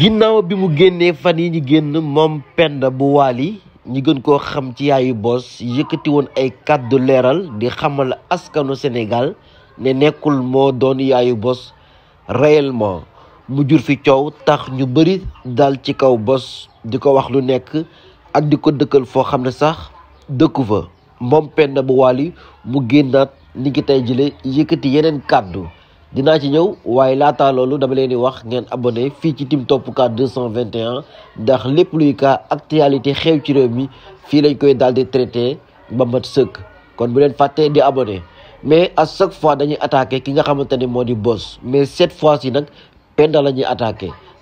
ginnaaw bi mu génnee fan yi ñu génn moom Penda bu Waly ñi gën koo xam ci yaayu bos yëkkati woon ay kàddu leeral di xamal askanu Sénégal ne nekkul moo doon yaayu Boss réellement mu jur fi coow tax ñu bëri dal ci kaw bos di ko wax lu nekk ak di ko dëkkal foo xam ne sax dëkku fa moom Penda bu Waly mu génnaat ni ki tey jële yëkkati yeneen kàddu dinaa ci ñëw waaye laataa loolu dama leen di wax ngeen abonné fii ci Timtop Cas 221 ndax lépp luy cas actualité xew ci réew mi fii lañ koy daal di traité ba mat sëkk kon bu leen fàttee di abonné mais à chaque fois dañuy attaqué ki nga xamante ne moo di bos mais cette fois ci nag Penda la ñuy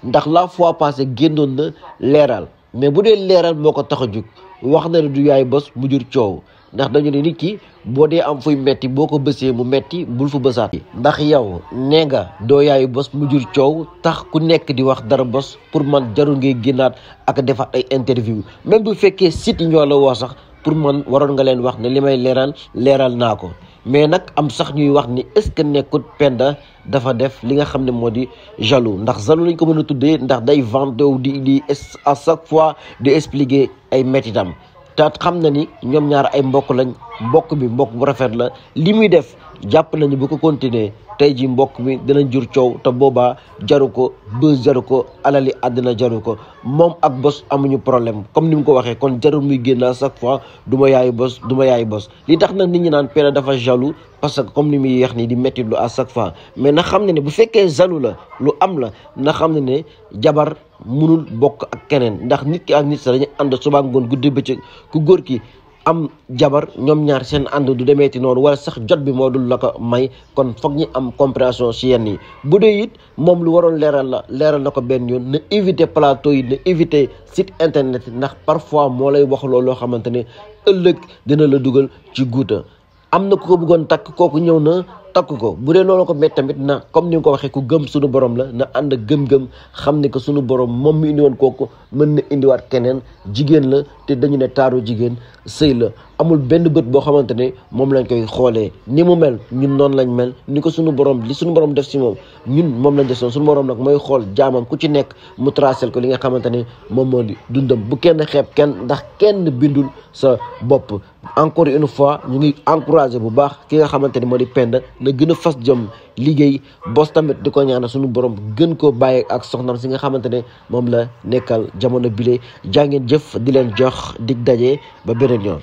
ndax la fois passée génnoon na leeral mais bu dee leeral moo ko tax a jug wax na ne du yaay bos mu jur coow ndax dañu ne nit ki boo dee am fuy metti boo ko bësee mu metti bul fu bësaat ndax yow nee nga doo yaayu mu jur coow tax ku nekk di wax dara bës pour man jarul ngay génnaat ak defaat ay interview même bu fekkee sit yi ñoo la woo sax pour man waroon nga leen wax ne li may leeral leeral naa ko mais nag am sax ñuy wax ni est que nekkut Penda dafa def li nga xam ne moo di jaloux ndax jaloux lañ ko mën a tuddee ndax day vantew di di à chaque fois di expliquer ay mettitam te xam na ni ñoom ñaar ay mbokk lañ mbokk bi mbokk bu rafet la li muy def jàpp nañu bu ko continuer tey ji mbokk mi dina jur coow te boobaa jaru ko bës jaru ko alali àddina jaru ko moom ak bos amuñu problème comme ni mu ko waxee kon jarul muy génn à chaque fois du ma yaayu bos du ma yaayu bos li tax na nit ñi naan Penda dafa jaloux parce que comme ni muy yeex nii di métti lu fois mais na xam ne ne bu fekkee jaloux la lu am la na xam ne ne jabar munul mbokk ak keneen ndax nit ki ak nit sax dañuy ànd suba ngoon guddi bëccëg ku góor ki am jabar ñoom ñaar seen ànd du demeeti noonu wala sax jot bi moo dul la ko may kon foog ñi am compréhension si yenn yi bu dee it moom lu waroon leeral la leeral na ko benn yoon na éviter plateau yi na éviter site internet ndax parfois moo lay wax loolu loo xamante ne ëllëg dina la dugal ci guuta am na ku ko buggoon takk kooku ñëw na takk ko bu dee loolu ko met tamit na comme ni nga ko waxee ku gëm suñu borom la na ànd ak gëm-gëm xam ne que suñu borom moom mi indiwoon kooku mën na indiwaat keneen jigéen la te dañu ne taaru jigéen sëy la amul benn bët boo xamante ne moom lañ koy xoolee ni mu mel ñun noonu lañ mel ni ko suñu borom li suñu borom def si moom ñu moom lañ def si moom suñu borom nag mooy xool jaamam ku ci nekk mu tracel ko li nga xamante ne moom moo di dundam bu kenn xeeb kenn ndax kenn bindul sa bopp encore fois ñu ngi encouragé bu baax ki nga xamante ne moo di pend na gën a fas jom liggéey bos tamit di ko ñaanal suñu borom gën koo bàyyi ak soxnam si nga xamante ne moom la nekkal jamono bile jaa jëf di leen jox dig daje ba beneen yoon.